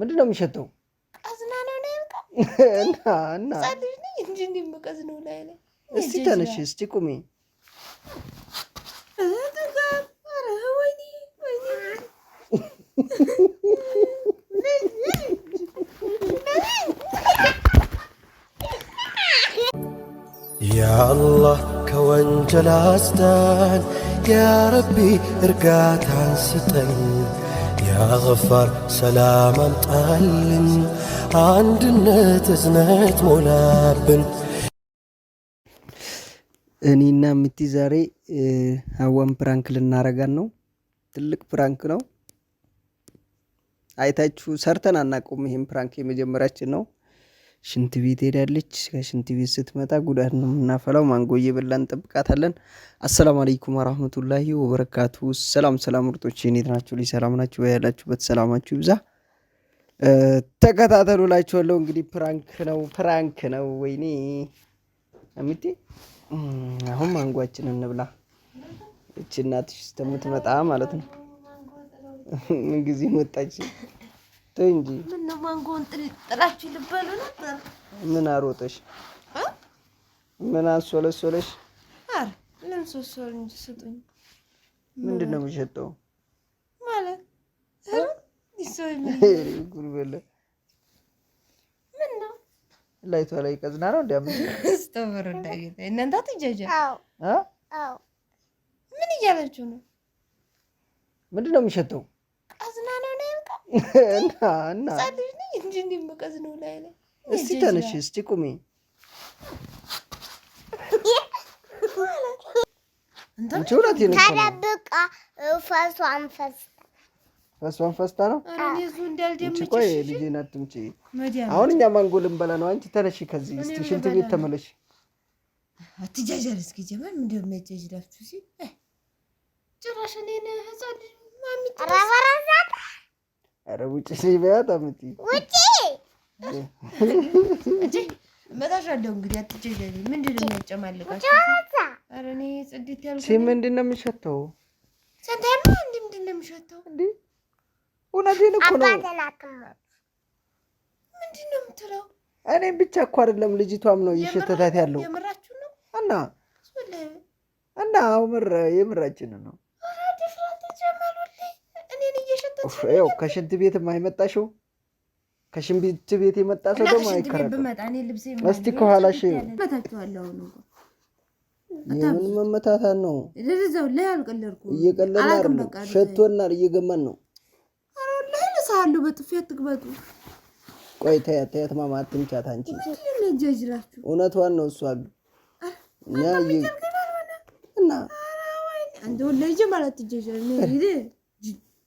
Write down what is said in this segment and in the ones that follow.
ምንድን ነው የሚሸተው? አዝና ነው ነው ያልቃ እና እና እንጂ እንዲመቀዝ ነው ላይ ላይ እስቲ ተነሽ፣ እስቲ ቁሚ ያአላህ ከወንጀል አስዳን፣ ያረቢ እርጋታን ስጠን ያ ሰላም አምጣልን፣ አንድነት እዝነት ሞላብን። እኔና ምቲ ዛሬ ሀዋን ፕራንክ ልናረጋን ነው። ትልቅ ፕራንክ ነው። አይታችሁ ሰርተን አናውቀውም። ይህም ፕራንክ የመጀመሪያችን ነው። ሽንት ቤት ሄዳለች። ከሽንት ቤት ስትመጣ ጉዳት ነው የምናፈላው። ማንጎዬ እየበላን እንጠብቃታለን። አሰላሙ አለይኩም ወራህመቱላሂ ወበረካቱ። ሰላም ሰላም፣ ምርጦች እንዴት ናችሁ? ላይ ሰላም ናችሁ? ያላችሁበት ሰላማችሁ ይብዛ። ተከታተሉ ላችኋለሁ። እንግዲህ ፕራንክ ነው ፕራንክ ነው። ወይኔ አሚቴ፣ አሁን ማንጓችን እንብላ። እቺ እናትሽ ስትመጣ ማለት ነው። ምንጊዜ መጣች ተይ እንጂ ምነው ማንጎውን ጥላችሁ ልበሉ ነበር? ምን አሮጠሽ? ምን አሶለሶለሽ? አንሶለሶለሽ? ምን ሶሶል እንጂ ስጡኝ። ምንድን ነው የሚሸጠው ማለት ምን ምነው ላይቷ ላይ ቀዝና ነው እንዲያም ስተወረ እንዳጌታ እናንተ አትጃጃ። ምን እያለችው ነው? ምንድን ነው የሚሸጠው? ቀዝና ነው ነው በቃ እስቲ ተነሽ፣ እስቲ ቁሚ ተደብቃ ፈሷን ፈስታ ፈሷን ፈስታ ነው። ቆይ አሁን እኛ ማንጎ ልንበላ ነው። አንቺ ተነሽ ከዚህ እስቲ ሽንት ቤት ተመለሽ። አትጃጃል እስኪ ጀመር ጭራሽ እኔን ህፃን ኧረ ውጭ ነኝ በያት። አመት ውጪ እመታሻለሁ። እንግዲህ አትጨዣለሁ። ምንድን ነው የሚያጨማልቃችሁ? ምንድን ነው የሚሸተው? እውነቴን እኮ ነው። ምንድን ነው የምትለው? እኔም ብቻ እኮ አይደለም ልጅቷም ነው እየሸተታት ያለው እና እና የምራችን ነው ይኸው ከሽንት ቤት የማይመጣሽው ከሽንት ቤት የመጣ ሰው ደግሞ አይከራከርም። እስቲ ከኋላሽ የምን መመታታት ነው? እየቀለድን ሸቶናል፣ እየገመን ነው። ሳሉ በጥፊ አትግበጡ። ቆይ ተያት ተያት፣ ማማ አትንቻት። አንቺ እውነቷን ነው እሷ እና ማለት ነው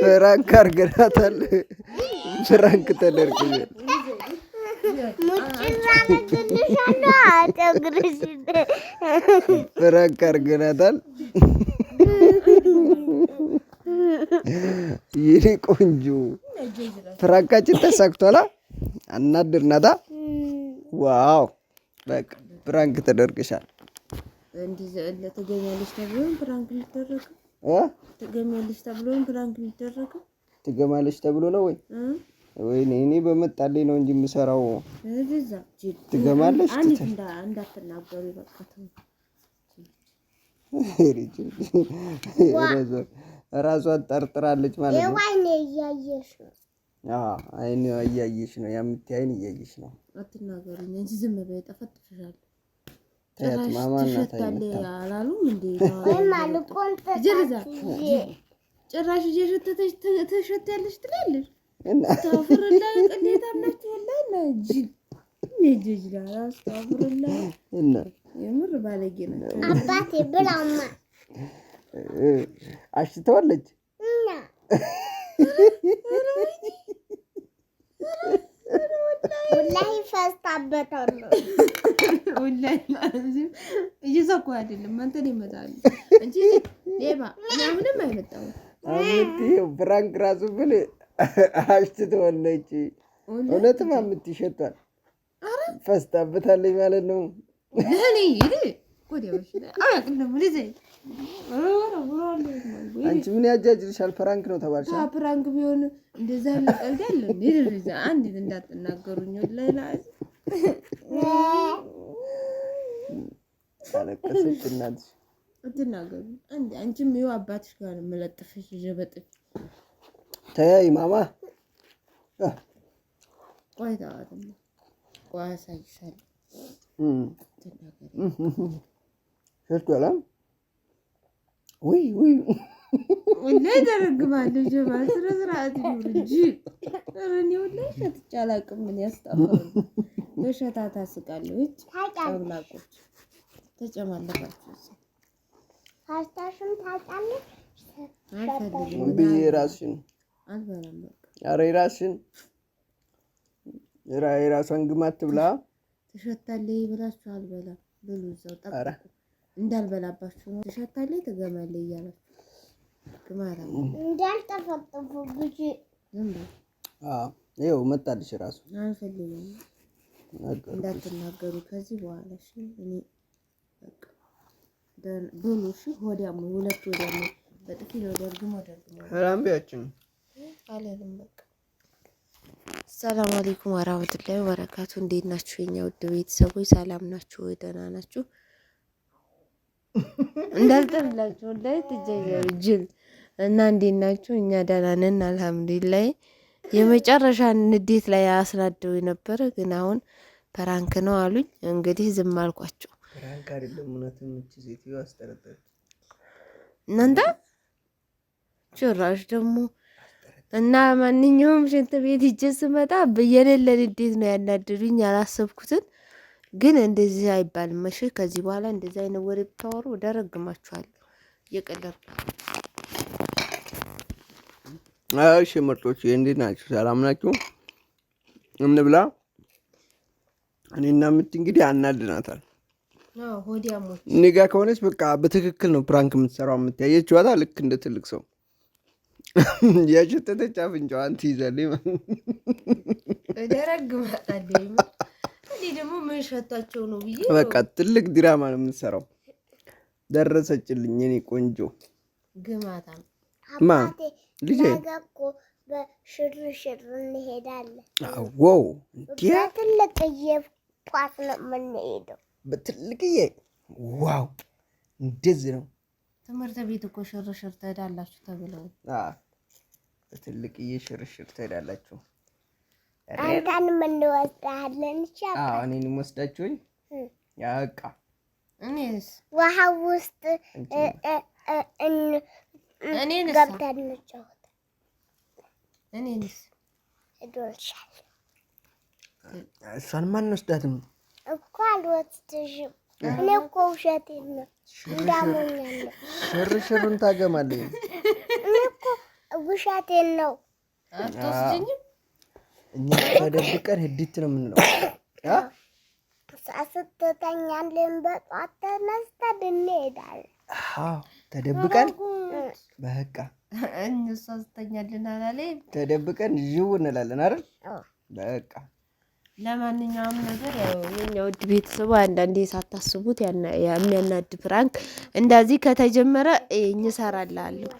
ፍራንክ አርገናታል። ፍራንክ ተደርግኛል። ፍራንክ አርገናታል። የኔ ቆንጆ ፍራንካችን ተሳክቷላ። አናድርናታ። ዋው በቃ ፕራንክ ተደርገሻል። እንዲህ ተብሎ ፕራንክ የሚደረገው እ ትገሚያለሽ ተብሎ ፕራንክ ተብሎ ነው ወይ? ወይኔ እኔ በመጣልኝ ነው እንጂ የምሰራው። እዛ ትገማለሽ እንዳትናገሩ በቃ እራሷን ጠርጥራለች ማለት ነው። አይን እያየሽ ነው የምትያይን እያየሽ ነው። አትናገሩኝ እንጂ ዝም በይ ጠፈጥፍሻለሁ። ጭራሽ እየሸተተሽ ተሸታለሽ ትላለሽ። አስታፍርላ ቅሌታ ናችሁ ወላሂ የምር ባለጌ ነው አባቴ ብላማ አሽተዋለች ወላሂ ፈስታበታለሁ። ወላሂ እየሳኩ አይደለም እንትን ይመጣሉ እንጂ ሌባ ምንም አይመጣም። ብራንክ ራሱ ብል አሽትተዋለች። እውነትም አምትሸቷል ፈስታበታለች ማለት ነው ለእኔ አንቺ ምን ያጃጅልሻል? ፕራንክ ነው ተባልሽ። ፕራንክ ቢሆን እንደዛ አለ አንድ እንዳትናገሩኝ። አንቺም ይኸው አባትሽ ጋር ተያይ ማማ። ቆይ ተዋት፣ ቆይ አሳይሻለሁ። ሰርቷላ። ውይ ውይ ወላሂ ተረግማለሁ። ጀባ ስነ ስርዓት ይሁን እንጂ እኔ ወላሂ ሸጥቼ አላውቅም። ምን ያስጣፋል? በሸታታ ስቃለሁ። እጭ አብላቆች ተጨማለቃችሁ። ፓስታሽን ታጣለች። አልፈልግም ብዬ ራስሽን አልበላም። ኧረ የራስሽን የራሷን ግማት ብላ ትሸታለች ብላችሁ አልበላም ብሉ እዛው ጠ እንዳልበላባችሁ ነው። ትሸታለች፣ ትገማለች እያለች ግማታ እንዳልጠፈጠፉ ግጭ ይኸው መጣልሽ ራሱ አልፈልግም እንዳትናገሩ ከዚህ በኋላ እሺ። እኔ በሉ እሺ። ሆዳሙ ሁለት ወዳሙ በጥቂት ነው ደርግሞ ደርግሞ አላምቢያችን አለንም በቃ ሰላም አለይኩም ወራህመቱላሂ ወበረካቱ። እንዴት ናችሁ የኛ ውድ ቤተሰቦች? ሰላም ናችሁ? ደህና ናችሁ? እንዳልጠላችሁ ላይ ትጀያሉ ጅል እና እንዴት ናችሁ? እኛ ደህና ነን አልሐምዱሊላህ። የመጨረሻ ንዴት ላይ አስናደው የነበረ ግን አሁን ፕራንክ ነው አሉኝ። እንግዲህ ዝም አልኳቸው። እናንተ ጭራሽ ደግሞ እና ማንኛውም ሽንት ቤት ሂጄ ስመጣ የሌለ ንዴት ነው ያናደዱኝ ያላሰብኩትን ግን እንደዚህ አይባልም። መሽ ከዚህ በኋላ እንደዚህ አይነት ወሬ ብታወሩ ደረግማችኋለሁ። እየቀለድኩ እሺ። ምርጦች እንዴት ናቸው? ሰላም ናችሁ? እንብላ። እኔና ምት እንግዲህ አናድናታል። እኔ ጋ ከሆነች በቃ በትክክል ነው ፕራንክ የምትሰራው። የምትያየች ጨዋታ ልክ እንደ ትልቅ ሰው የሸተተች አፍንጫዋን ትይዛለች። ደግሞ ምን ነው ብዬ በቃ ትልቅ ድራማ ነው የምንሰራው። ደረሰችልኝ የኔ ቆንጆ ግማታ ማ ልጄ በሽርሽር እንሄዳለን። በትልቅዬ ዋው፣ እንደዚህ ነው ትምህርት ቤት እኮ ሽርሽር ትሄዳላችሁ ተብለው በትልቅዬ ሽርሽር ትሄዳላችሁ። አንተንም እንወስዳለን። አዎ እኔንም ወስዳችሁኝ ያቃ ውሃ ውስጥ እኔን ገብተን እንጫወት። እኔንስ እዶልሻል። እሷን ማን ወስዳትም እኮ አልወስድሽም። እኔ እኮ ውሸቴን ነው እንዳሞኛለሁ። ሽር ሽሩን ታገማለህ። እኔ እኮ ውሸቴን ነው። አትወስድኝም እኛ ተደብቀን ህዲት ነው የምንለው። ስትተኛልን በጧት ተነስተን እንሄዳለን። ተደብቀን በቃ እሷ ስተኛልን አላለኝ። ተደብቀን ይው እንላለን አይደል? በቃ ለማንኛውም ነገር ያው የኛ ውድ ቤተሰቡ አንዳንዴ ሳታስቡት የሚያናድ ፕራንክ እንደዚህ ከተጀመረ እንሰራላለሁ።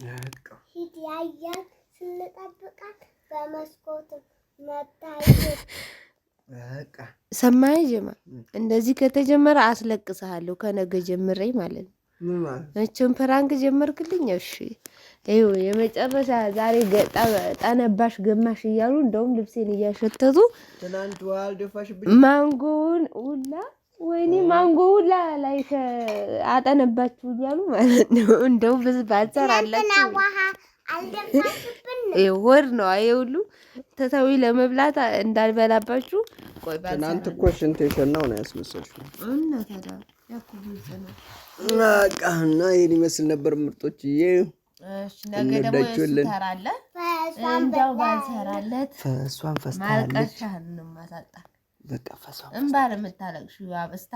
ሂድ መታየት ሰማይ ጀማ እንደዚህ ከተጀመረ አስለቅስሃለሁ። ከነገ ጀምሬ ማለት ነው። መቼም ፕራንክ ጀመርክልኝ። እሺ ይኸው የመጨረሻ ዛሬ ጠነባሽ ገማሽ እያሉ እንደውም ልብሴን እያሸተቱ ማንጎውን ውላ ወይኔ ማንጎ ሁላ ላይ አጠነባችሁ እያሉ ማለት ነው። እንደው ብዙ ባዛር አላችሁ ወር ነው አይ ሁሉ ተተዊ ለመብላት እንዳልበላባችሁ። ትናንት እኮ ሽንት የሸናው ነው ያስመሰልሽው። ቃና ይህን ይመስል ነበር ምርጦች ዬ ነገ ደግሞ እንወዳችኋለን። እንደው ባልሰራለት ፈሷን ፈስታለች። ማልቀሻህን ማሳጣ በቃ ፈሷ የምታለቅሽ ለምታለቅሽ